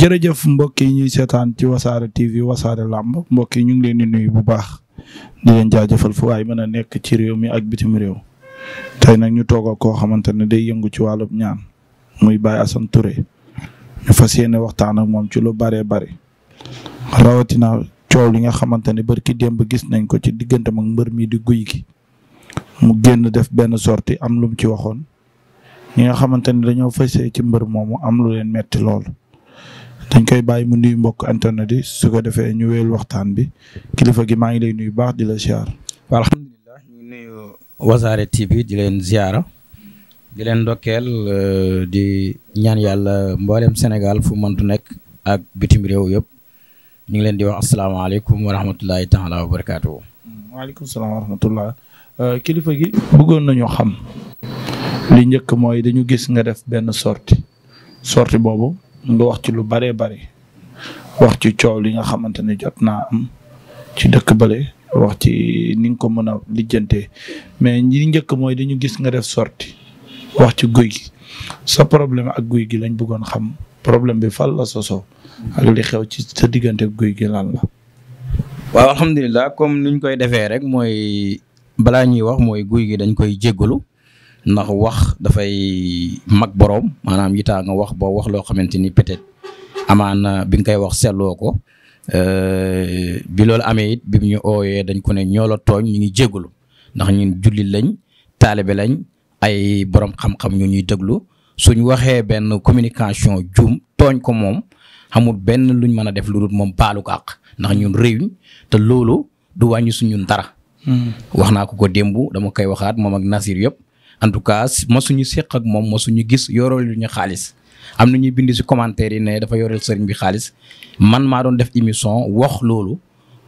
jërëjëf mbokk yi ñuy seetaan ci wasaare TV wasaare làmb mbokk yi ñu ngi leen di nuyu bu baax di leen jaajëfal fu waaye mën a nekk ci réew mi ak bitim réew tey nag ñu toog koo xamante ne day yëngu ci wàllum ñaan muy Baye Assane ñu fas yéene waxtaan ak moom ci lu baree bari rawatina coow li nga xamante ne bari ki démb gis nañ ko ci diggante ak mbër mi di guy gi mu génn def benn sorti am lu ci waxoon ñi nga xamante ne dañoo fas ci mbër moomu am lu leen metti lool. dañ koy bàyyi mu nuyu mbokk internet yi su ko defee ñu wéyal waxtaan bi kilifa gi maa ngi lay nuyu baax di la ziar. alhamdulilah ñu nuyu wasaare TV di leen ziara di leen ndokkeel euh, di ñaan yàlla mboolem Sénégal fu mantu nekk ak bitim réew yëpp ñu ngi leen di wax asalaamaaleykum wa rahmatulahi taala wa barakaatu. waaleykum salaam wa rahmatulah euh, kilifa gi bëggoon nañu xam. li njëkk mooy dañu gis nga def benn sortie sorti boobu. nga wax ci lu bëree bëri wax ci coow li nga xamante ne jot naa am ci dëkk bale wax ci ni nga ko mën a lijjantee mais ñi njëkk mooy dañu gis nga def sorti wax ci guy gi sa problème ak guy gi lañ bëggoon xam problème bi fan la sosoo ak li xew ci sa diggante guy gi lan la. waaw alhamdulilah comme niñ koy defee rek mooy balaa ñuy wax mooy guy gi dañ koy jéggalu ndax wax dafay mag boroom maanaam yitaa nga wax ba wax loo xamante ni peut-être amaana bi nga koy wax seetloo ko euh, bi loolu amee it bi ñu ooyee dañ ko ne ñoo tooñ ñu ngi jégalu ndax ñu jullit lañ taalibe lañ ay borom xam-xam ñu ñuy déglu suñ waxee benn communication juum tooñ ko moom xamul benn luñ mën a def lu dul moom baalu ko àq ndax ñun réewuñ te loolu du wàññi suñu dara. Hmm. wax naa ko ko démb dama koy waxaat moom ak Nasir yëpp. en tout cas mosuñu séq ak moom mosuñu gis yoroo lu ñu xaalis am na ñuy bind si commentaire yi ne dafa yoreel bi xaalis man maa doon def émission wax loolu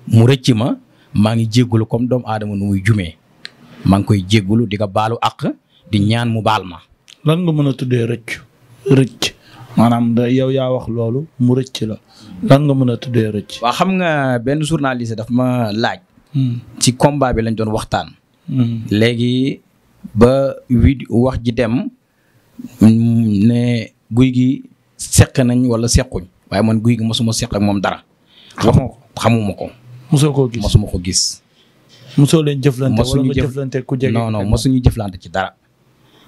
mu rëcc ma maa ngi jéggulu comme doomu aadama nu muy jumee maa ngi koy jéggulu di ko baalu àq di ñaan mu baal ma. lan nga mën a tuddee rëcc rëcc maanaam da yaa wax loolu mu rëcc la lan nga mën a tuddee rëcc. waa xam nga benn journaliste dafa ma laaj. Hmm. ci combat bi lañ doon waxtaan. Hmm. léegi. ba wi wax ji dem ne guy gi seq nañ wala sequñ waaye man guy gi mosuma seq ak moom dara. waxuma xamuma ko. mosoo koo gis mosuma ko gis. mosoo leen jëflante wala nga jëflante ku jege. non non mosuñu jëflante ci dara.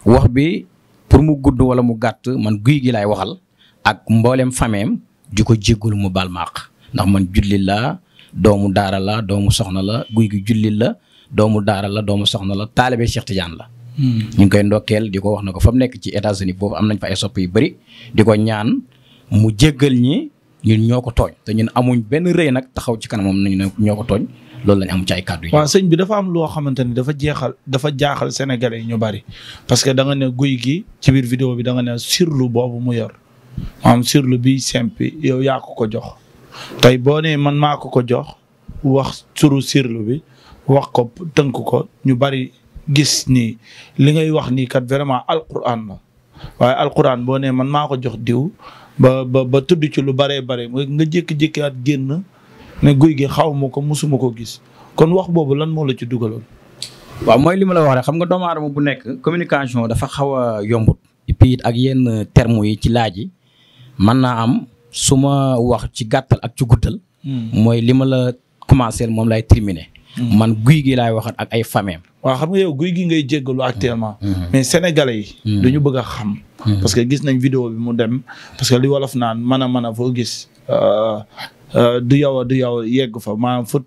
wax bi pour mu gudd wala mu gàtt man guy gi laay waxal ak mboolem fameem di ko jéggalu mu baal maax ndax man jullit laa doomu daara la doomu soxna la guy gi julli la doomu daara la doomu soxna la taalibe Cheikh Tidiane la. Hmm. ñu ngi koy ndokkeel di ko wax na ko fa mu nekk ci États-Unis boobu am nañ fa ay sopp yu bari di ko ñaan mu jéggal ñi ñun ñoo ko tooñ te ñun amuñ benn rëy nag taxaw ci kanamam nañu ne ñoo ko tooñ loolu lañ am ci ay kàddu yi. waaw sëñ bi dafa am loo xamante ni dafa jeexal dafa jaaxal Sénégalais ñu bari parce que da nga ne guy gi ci biir vidéo bi danga nga ne sirlu boobu mu yor maanaam sirlu bi simpi yow yaa ko ko jox tey boo nee man maa ko ko jox wax suru sirlu bi. wax ko tënk ko ñu bari gis ni li ngay wax nii kat vraiment alquran la waaye alquran boo nee man maa ko jox diw ba ba tudd ci lu baree bare nga jékki-jékki at génn ne guy gi xaw ma ko musuma ko gis kon wax boobu lan moo la ci dugaloon. waaw mooy li ma la wax rek xam nga doomu aadama bu nekk communication dafa xaw a yombut. et puis ak yenn termes yi ci laaj yi mën naa am suma wax ci gàttal ak ci guddal. Hmm. mooy li ma la commencé moom lay terminer. Mm-hmm. man guy gi laay waxat ak ay fameem waa xam nga yow guy gi ngay jéggalu actuellement mm-hmm. Mm-hmm. mais sénégalais yi dañu bëgg a xam parce que gis nañ vidéo bi mu dem parce que li wolof naan mën a mën foo gis euh, euh, du yow a du yow yegg fa maanaam fa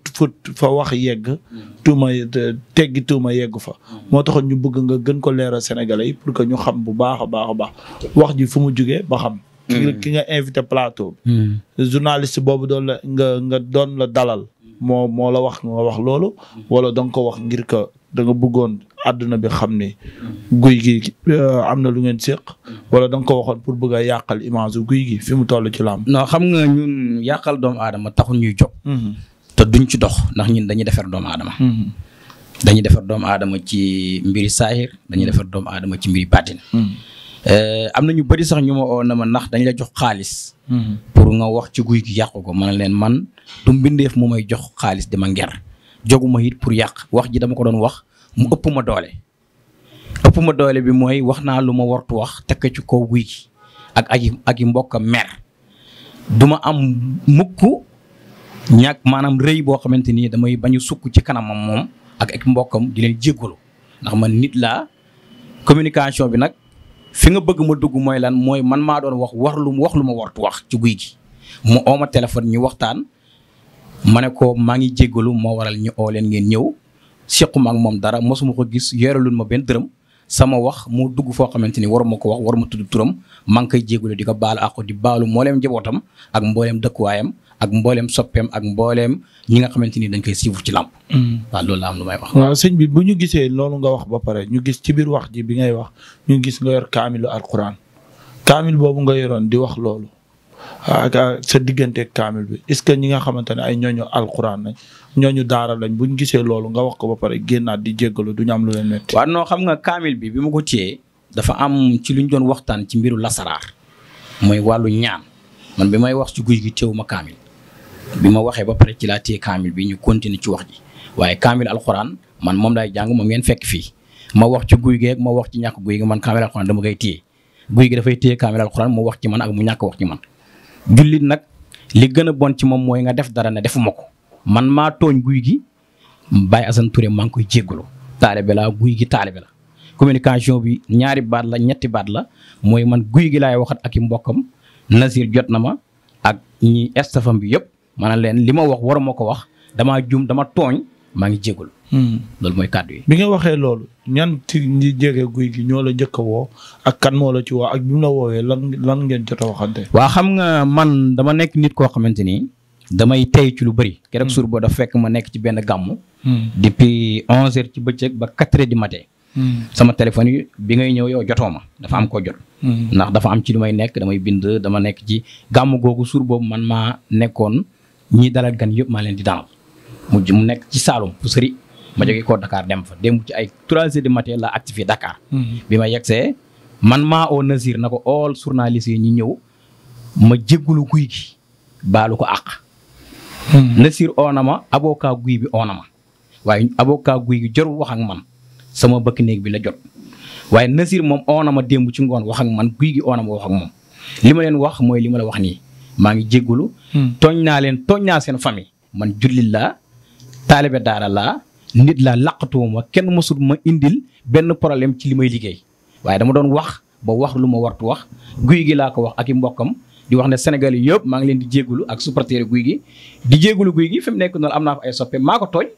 fa wax yegg tuuma teggi tuuma yegg fa moo taxoon ñu bëgg nga gën ko leeral sénégalais yi pour que ñu xam bu baax a baax a baax wax ji fu mu jugee ba xam ki nga invité plateau journaliste boobu nga nga doon la dalal moo moo la wax nga wax loolu wala da nga ko wax ngir que da nga bëggoon àdduna bi xam ni guy gi euh, am na lu ngeen séq wala da ko waxoon pour bëgg a yàqal image guy gi fi mu toll ci làmb no xam nga ñun yàqal doomu aadama taxul ñu jo mm-hmm. te duñ ci dox ndax ñu dañu defar doomu aadama mm-hmm. dañuy defar doomu aadama ci mbiri saahir dañu defar doomu aadama ci mbiri baatin mm-hmm. Euh, am na ñu bëri sax ñu ma oo na ma ndax dañ la jox xaalis. Mhm. pour nga wax ci guy gi yàqu ko man leen man du mbindeef mu may jox xaalis di ma nger joguma it pour yàq wax ji dama ko doon wax mu ëpp ma doole. ëpp ma doole bi mooy wax naa lu ma wartu wax tekk ci kaw guy gi ak ak i ak i mbokk mer duma am mukk ñàkk maanaam rëy boo xamante ni damay bañ sukk ci kanamam moom ak ak mbokkam di leen jéggalu ndax man nit laa communication bi nag. fi nga bëgg ma dugg mooy lan mooy man maa doon wax war lu wax lu ma wartu wax ci guy gi mu oo ma téléphone ñu waxtaan ma ne ko maa ngi jéggalu ma waral ñu oo leen ngeen ñëw sequma ak moom dara mosuma ko gis yorelul ma benn dërëm sama wax moo dugg foo xamante ni waruma ko wax ma tudd turam maa ngi koy jéggalu di ko baalu àqu di baalu mbooleem njabootam ak mbooleem dëkkuwaayam ak mbooleem soppeem ak mbooleem ñi nga xamante ni dañ koy suivre ci làmp mm. waaw loolu la am lu may wax waaw sëñ bi bu ñu gisee loolu nga wax ba pare ñu gis ci biir wax ji bi ngay wax ñu gis nga kaamilu alquran kaamil boobu nga yoroon di wax loolu ak sa digganteeg kaamil bi ce que ñi nga xamante ne ay ñooñu alquran lañ ñooñu daara lañ bu ñu gisee loolu nga wax ko ba pare génnaat di jéggalu du am lu leen metti waaw non xam nga kaamil bi bi ma ko téyee dafa am ci lu ñu doon waxtaan ci mbiru lasaraar mooy wàllu ñaan man bi may wax ci guy gi teewu ma kaamil bi ma waxee ba pare ci laa téye kaamil bi ñu continuer ci wax ji waaye kaamil alxuraan man moom laay jàng moom ngeen fekk fii ma wax ci guy gi ak ma wax ci ñàkk guy gi man kaamil alxuraan dama koy téye guy gi dafay téye kaamil alxuraan mu wax ci man ak mu ñàkk wax ci man. jullit nag li gën a bon ci moom mooy nga def dara ne defuma ko man maa tooñ guy gi Baye Assane Touré maa ngi koy jéggalu taalibe la guy gi taalibe la communication bi ñaari baat la ñetti baat la mooy man guy gi laay waxat ak i mbokkam Nasir jot na ma ak ñi estafam bi yëpp. maanaam leen li ma wax waruma ko wax damaa jum dama tooñ maa ngi jégalu. Hmm. loolu mooy kàddu yi. bi nga waxee loolu ñan ci ñi jege guy gi ñoo la njëkk a woo ak kan moo la ci woo ak bi mu woowee lan lan ngeen jot a waxante. waa xam nga man dama nekk nit koo xamante ni damay tey ci lu bëri. keroog hmm. suur boo dafa fekk ma nekk ci benn gàmmu. Hmm. depuis onze heures ci bëccëg ba quatre di du matin. sama téléphone yi bi ngay ñëw yow jotoo ma dafa am ko jot. ndax dafa am ci lu may nekk damay bind dama nekk ci gàmmu googu suur boobu man maa nekkoon. ñii dalal gan yëpp ma leen di daanal mu mu nekk ci Saalum bu sëri ma jógee koo Dakar dem fa démb ci ay trois heures du la activé Dakar. Mhm. bi ma yegsee man maa oo Nasir na ko all journaliste yi ñu ñëw ma jéggulu guy gi baalu ko àq. Mhm. Nasir oo na ma avocat guy bi oo na ma waaye avocat guy gi jarul wax ak man sama bëkk néeg bi la jot waaye Nasir moom oo na ma démb ci ngoon wax ak man guy gi oo na moom li ma leen wax mooy li ma la wax nii. maa ngi jéggulu hmm. tooñ naa leen tooñ naa seen famille man jullit laa taalibe daara laa nit laa laqatuwuma kenn mësul ma indil benn problème ci li may liggéey waaye dama doon wax ba wax lu ma wartu wax guy gi laa ko wax ak i mbokkam di wax ne Sénégal yi yëpp maa ngi leen di jéggulu ak supporter guy gi di jéggulu guy gi fi mu nekk noonu am naa fa ay soppe maa ko tooñ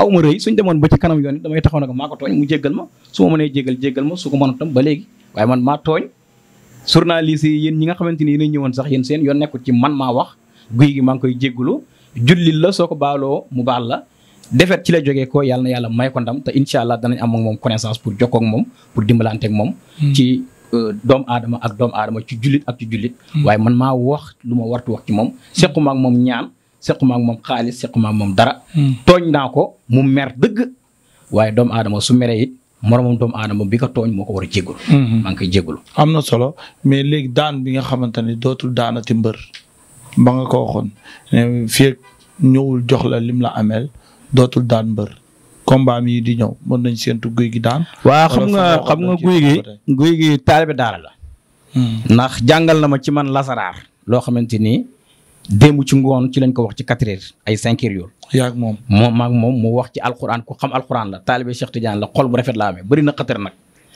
aw ma rëy suñ demoon ba ci kanam yoon damay taxaw ne ko maa ko tooñ mu jéggal ma su ma mënee jéggal jéggal ma tam ba léegi waaye man maa tooñ journaliste yi yéen ñi nga xamante ni yéen ñëwoon sax yéen seen yoon nekkul ci man maa wax guy gi maa ngi koy jéggulu jullit la soo ko baaloo mu baal la defet ci la jógee ko yàlla na yàlla may ko ndam te incha allah danañ am moom connaissance pour jokkoo ak moom pour dimbalante moom hmm. ci euh, doom aadama ak doom aadama ci jullit ak ci jullit hmm. waaye man maa wax lu ma wartu wax ci moom hmm. sequma moom ñaan sequma moom xaalis sequma ak moom dara tooñ naa ko mu mer dëgg waaye doom aadama su meree it moromam doomu aadama bi ko tooñ moo ko war a jégalu. Mm-hmm. maa ngi koy am na solo mais léegi daan bi nga xamante ni dootul daanati mbër ba nga ko waxoon fii ñëwul jox la lim la ameel dootul daan mbër combat mi di ñëw mën nañ séntu guy gi daan. waa xam nga xam guy gi guy gi taalibe daara la. Mm. ndax jàngal na ma ci man lasaraar. loo xamante ni démb ci ngoon ci lañ ko wax ci quatre ay cinq yoon yaa moom moom maag moom mu wax ci alxuraan ku xam alxuraan la taalibe Cheikh Tidiane la xool bu rafet laa amee bëri na xatar nag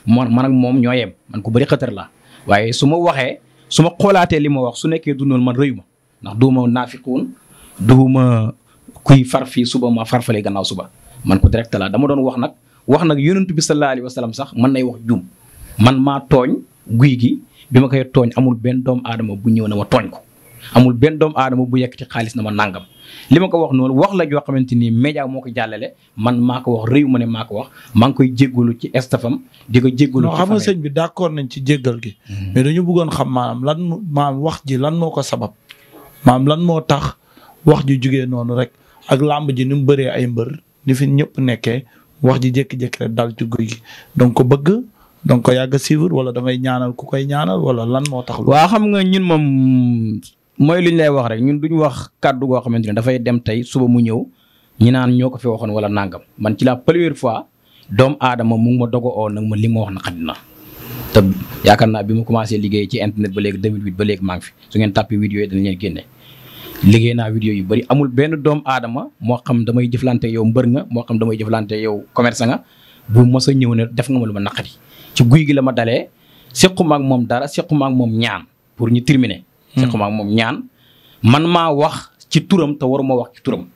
man man ak moom ñoo yem man ko bëri xatar laa waaye su ma waxee su ma xoolaatee li ma wax su nekkee dundoon man rëyu ma ndax duuma naafiquun duuma kuy far fii suba ma farfalee gannaaw suba man ko direct laa dama doon wax nag wax nag yonent bi sallallahu alayhi wa sallam sax man nay wax juum man maa tooñ guy gi bi ma koy tooñ amul benn doomu aadama bu ñëw na ma tooñ ko amul benn doomu aadama bu yekk ci xaalis na ma nangam li ma ko wax noonu wax la joo xamante ni média moo ko jàllale man maa ko wax réew ma ne maa ko wax maa ngi koy jéggalu ci estafam di ko jéggalu xam nga sëñ bi d'accord nañ ci jéggal gi hmm. mais bëggoon xam maanaam lan maanaam wax ji lan moo ko sabab maanaam lan moo tax wax ji jugee noonu rek ak làmb ji nu mu bëree ay mbër ni fi ñëpp nekkee wax ji jékki-jékki rek dal ci guy gi donc ko bëgg donc ko yàgg a suivre wala dangay ñaanal ku koy ñaanal wala lan moo tax. waa xam nga ñun moom mooy li ñu lay wax rek ñun ñu wax kàddu goo xamante ne dafay dem tey suba mu ñëw ñi naan ñoo ko fi waxoon wala nangam man ci laa première fois doomu aadama mu ngi ma dogo oo nag ma li ma wax na xaddina te yaakaar naa bi ma commencé liggéey ci internet ba léegi 2008 ba léegi maa ngi fi su ngeen tàppee vidéo yi dana liggéey naa vidéo yu bëri amul benn doomu aadama moo xam damay jëflante yow mbër nga moo xam damay jëflante yow commerçant nga bu a ñëw ne def nga ma lu ma ci guy gi la ma dalee sequma ak moom dara sequma moom ñaan pour ñu terminer sequma ak moom ñaan man maa wax ci turam te ma wax ci turam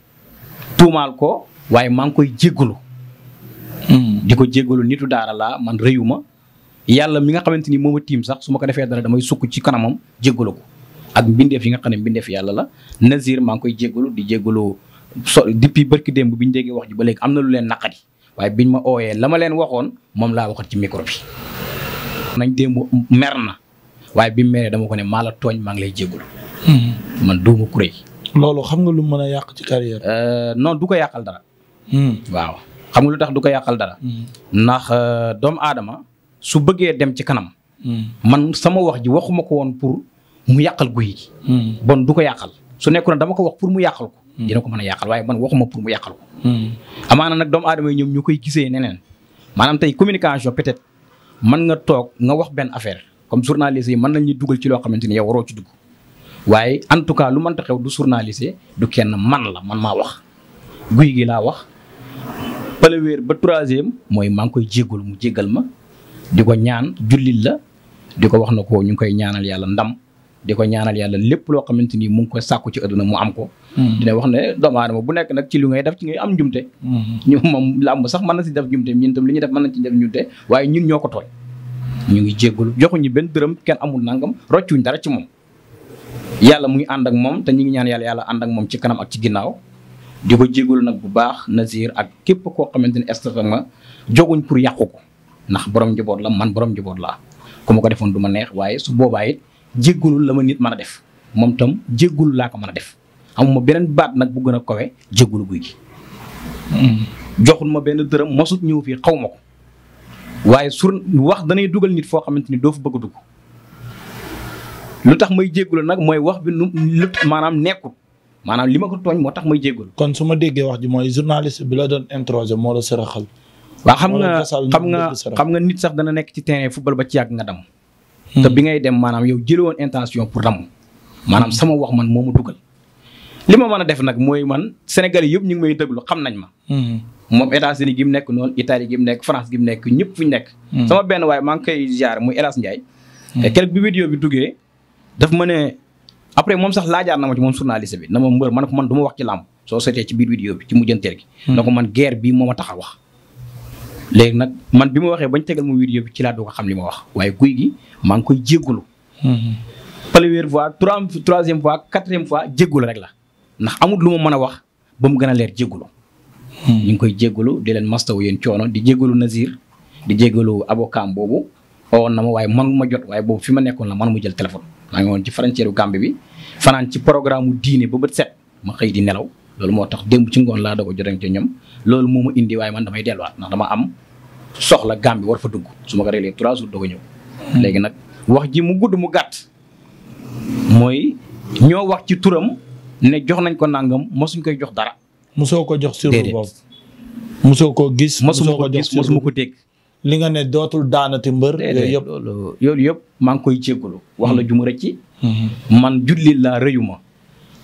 tuumaal ko waaye maa ngi koy jéggalu hmm. di ko jéggalu nitu daara laa man rëyu yàlla mi nga xamante ni moom a tiim sax su ma ko defee dara damay sukk ci kanamam jéggalu ko ak mbindeef yi nga xam ne mbindeef yàlla la Nazir maa ngi koy jéggalu di jéggalu so depuis barki démb bi ñu déggee wax ji ba léegi am na lu leen naqari waaye biñ ma ooyee la ma leen waxoon moom laa waxat ci micro bi nañ démb mer na waaye bi mu meree dama ko ne maa la tooñ maa ngi lay jégalu. Hmm. man duuma kuréy. loolu xam nga lu mën a yàq ci carrière. Euh, non du ko yàqal dara. Hmm. waaw xam nga lu tax du ko yàqal dara. Hmm. ndax euh, doomu aadama su bëggee dem ci kanam. man sama wax ji waxuma ko woon pour mu yàqal guy gi. bon du ko yàqal su nekkoon dama ko wax pour mu yàqal ko. dina ko mën a yàqal waaye man waxuma pour mu yàqal ko. amaana nag doomu aadama yi ñoom ñu koy gisee neneen maanaam tey communication peut-être mën nga toog nga wax benn affaire. comme journaliste yi mën nañu dugal ci loo xamante ni yow waroo ci dugg waaye en tout cas lu mënta xew du journaliste du kenn man la man maa wax. guy gi laa wax pëlëwéer ba troisième mooy maa koy jéggalu mu jéggal ma di ko ñaan jullit la di ko wax na ko ñu ngi koy ñaanal yàlla ndam. di ko ñaanal yàlla lépp loo xamante ni mu ngi koy sàkku ci àdduna mu am ko. Hmm. dina wax na doomu aadama bu nekk nag ci li ngay def ci ngay am njumte. Hmm. ñu moom làmb sax mën na si def njumte ñu tam li ñuy def mën na ci waaye ñun ñoo ko tooy. ñu ngi jégalu joxuñu benn dërëm kenn amul nangam roccuñ dara ci moom. yàlla mu ngi ànd ak moom te ñu ngi ñaan yàlla yàlla ànd ak moom ci kanam ak ci ginnaaw di ko jégalu nag bu baax Nazir ak képp koo xamante ne ma joguñ pour yàqu ko ndax borom njaboot la man borom njaboot laa ku ma ko defoon du ma neex waaye su boobaa it la ma nit mën a def moom itam jéggalu laa ko mën a def amuma beneen baat nag bu gën a kawe jéggalu guy gi hmm. joxul ma benn dërëm mosut ñëw fii xaw ko waaye sur wax danay dugal nit foo xamante ni doo fa bëgg a dugg lu tax may jéggul nag mooy wax bi nu lu maanaam nekkul maanaam li ma ko tooñ moo tax may jéggul kon su ma déggee wax ji mooy journaliste bi la doon introsé moo la sëraxal waaw xam nga xam nga xam nga nit sax dana nekk ci terrain football ba ci yàgg nga dam hmm. te bi ngay dem maanaam yow jële woon intention pour dam maanaam sama wax man moo ma dugal li ma mën a def nag mooy man Sénégal yëpp ñu ngi may déglu xam nañ ma hmm. moom États-Unis gi nekk noonu Italie gi nekk France gi nekk ñëpp fu ñu nekk. Hmm. sama benn waaye maa koy jaar muy El Hadj Ndiaye. keroog hmm. bi vidéo bi duggee daf ma après moom sax laajaar na ma ci moom journaliste bi na ma mbër man ko man du ma wax ci bi ci mujjanteel gi. Hmm. na ko man guerre bii moo ma tax a wax. léegi nag man bi ma waxee bañ tegal mu vidéo bi ci laa doo xam li ma wax waaye guy gi maa ngi koy jégalu. première fois trois troisième fois quatrième fois jégalu rek la ndax amul lu ma mën a wax ba mu gën a leer jégalu. ñu ngi koy jéggalu di leen mastaw yéen coono di jéggalu Nazir di jéggalu avocat boobu owoon na ma waaye man ma jot waaye boobu fi ma nekkoon la man ma jël téléphone maa ngi woon ci frontière Gambie bi fanaan ci programme mu diine ba ma xëy di nelaw loolu moo tax démb ci ngoon laa doog a jotee ca ñoom loolu moo ma indi waaye man damay delluwaat ndax dama am soxla Gambie war fa dugg su ma ko réglé trois jours doog a ñëw. Hmm. léegi nag wax ji mu gudd mu gàtt mooy ñoo wax ci turam ne jox nañ ko nangam suñ koy jox dara. mosoo ko jox surlu boobu mosoo ko gis mosuma su ma mosuma ko dégg li nga ne dootul daanati mbër yooyu yëpp yooyu maa ngi koy jéggalu wax la mm. ju rek ci mm-hmm. man jullit laa rëyu ma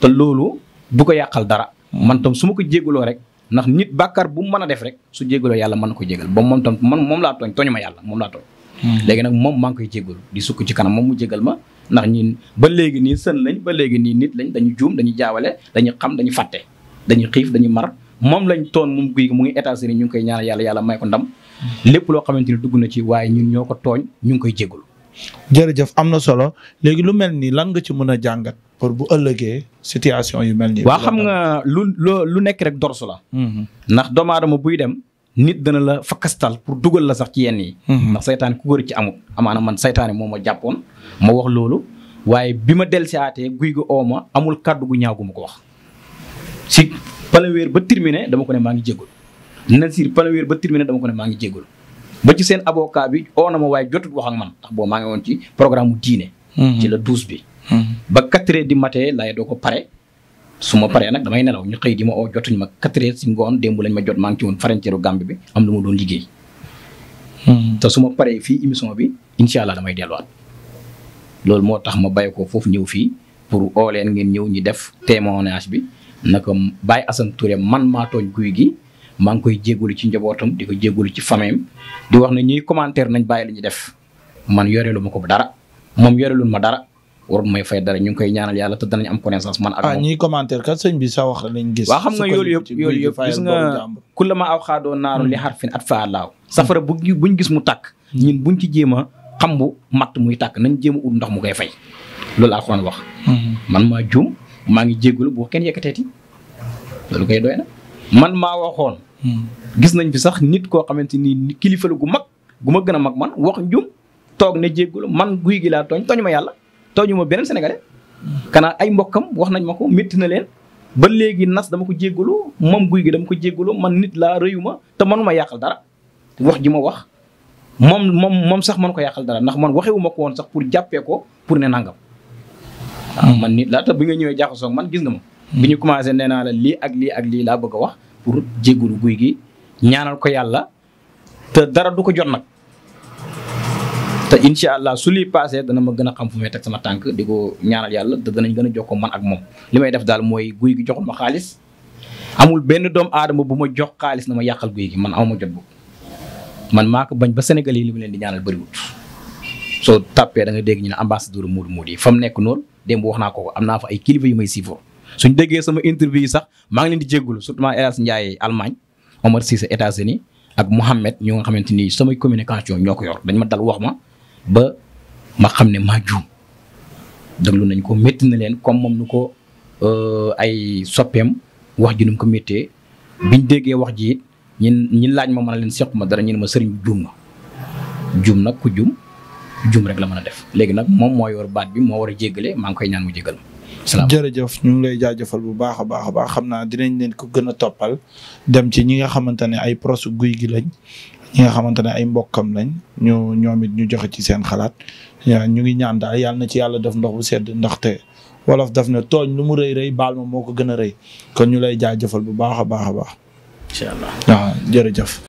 te loolu du ko yàqal dara mm-hmm. man tam su ma ko jéggaloo rek ndax nit bàkkaar bu mu mën a def rek su jéggaloo yàlla mën na ko jégal ba moom tam man moom laa tooñ tooñu ma yàlla moom laa tooñ mm-hmm. léegi nag moom maa ngi koy jéggalu di sukk ci kanam moom mu jégal ma ndax ñi ba léegi nii sën lañ ba léegi nii nit lañ dañu juum dañu jaawale dañu xam dañu fàtte dañuy xiif dañuy mar moom lañ toon moom guy mu ngi États-Unis ñu ngi koy ñaanal yàlla yàlla may ko ndam lépp loo xamante ni dugg na ci waaye ñun ñoo ko tooñ ñu ngi koy jégalu. jërëjëf am na solo léegi lu mel nii lan nga ci mën a jàngat pour bu ëllëgee situation yu mel nii. waa xam nga lu lu nekk rek dorsu la. Mhm. ndax doomu buy dem. nit dana la fakastal pour dugal la sax ci yenn yi. Mhm. ndax saytaane ku góor ci amut. amaana man saytaane moo ma jàppoon ma wax loolu waaye bi ma dellusiwaatee guy gu oo ma amul kàddu gu ñaaw gu ma ko wax. si palaweer ba terminé dama ko ne maa ngi jéggul Nasir palaweer ba terminé dama ko ne maa ngi jéggul ba ci seen avocat bi oo na ma waaye jotut wax ak man ndax boo maa ngi woon ci programme mu diine. Mhm. ci la douze bi. Mhm. ba quatre heures di matin laay doo ko pare su ma paree nag damay nelaw ñu xëy di ma oo jotuñ ma quatre heures si ngoon démb lañ ma jot maa ngi farañ woon frontière bi am lu ma doon liggéey. Mhm. te su ma paree fii émission bi incha allah damay delluwaat. loolu moo tax ma bàyyi ko foofu ñëw fii pour oo leen ngeen ñëw ñu def témoignage bi. naka Baye Assane Touré man maa tooñ guy gi maa koy jégalu ci njabootam di ko jégalu ci fameem di wax na ñuy commentaire nañ bàyyi li ñuy def man yoreelu ma ko dara moom yoreelul ma dara warul may fay dara ñu ngi koy ñaanal yàlla te danañ am connaissance man. ak ah, moom ah ñuy commentaire kat sa wax lañ gis. waaw xam nga yooyu yëpp yooyu yëpp gis nga kulla ma aw xaadoo naaru li xar fin at hmm. bu buñ gis mu tàkk. Hmm. ñun buñ ci jéem a xam bu matt muy tàkk nañ jéem ut ndox mu koy fay hmm. man maa juum maa ngi jégalu boo kenn yëkkateeti loolu koy doy na man maa waxoon. Hmm. gis nañ fi sax nit koo xamante ni kilifa la gu mag gu ma gën a mag man wax njum toog ne jégalu man guy gi laa tooñ tooñu ma yàlla tooñu ma beneen sénégalais. kanaa ay mbokkam wax nañ ma ko métti na leen ba léegi nas dama ko jégalu moom guy gi dama ko jégalu man nit laa rëyu ma te manuma yàqal dara wax ji ma wax. moom moom moom sax man ko yàqal dara ndax man waxewu ma ko woon sax pour jàppee ko pour ne nangam Ah, hmm. man nit laata bi nga ñëwee jaxasoog man gis nga ma bi ñu hmm. commencé nee naa la lii ak lii ak lii laa bëgg a wax pour jéggulu guy gi ñaanal ko yàlla te dara du ko jot nag te incha allah su lii paasee dana ma gën a xam fu may teg sama tànk di ko ñaanal yàlla te danañ gën a jokkoo man ak moom li may def daal mooy guy gi joxul ma xaalis amul benn doom aadama bu ma jox xaalis na ma yàqal guy gi man aw ma jot boobu man maa ko bañ ba Sénégal yi li mu leen di ñaanal bëriwut soo tàppee da nga dégg ñu ne ambassadeur Modou Modou yi fa mu nekk noonu démb wax naa ko am na fa ay kilifa yu may siifoo suñ déggee sama interview yi sax maa ngi leen di jéggulu surtout maa El Hadj Ndiaye Allemagne Omar Cissé États-Unis ak Mouhamed ñoo nga xamante ni samay communication ñoo ko yor dañ ma dal wax ma ba ma xam ne maa juum déglu nañ ko métti na leen comme moom nu ko euh, ay soppeem wax ji nu ko méttee biñ déggee wax ji it ñin laaj ma mën a leen seq ma dara ñu ne ma sëriñ juum na juum nag ku juum. juum rek la mën a def léegi nag moom moo yor baat bi moo war a jéggale maa ngi koy ñaan mu jéggal jërëjëf ñu ngi lay jaajëfal bu baax a baax a baax xam naa dinañ leen ko gën a toppal dem ci ñi nga xamante ne ay proche guy gi lañ ñi nga xamante ne ay mbokkam lañ ñu ñoom it ñu joxe ci seen xalaat ñu ngi ñaan yàlla na ci yàlla def ndox bu sedd ndaxte wolof daf ne tooñ lu mu rëy rëy baal ma moo ko gën a rëy kon ñu lay jaajëfal bu baax a baax a baax. incha allah waaw jërëjëf.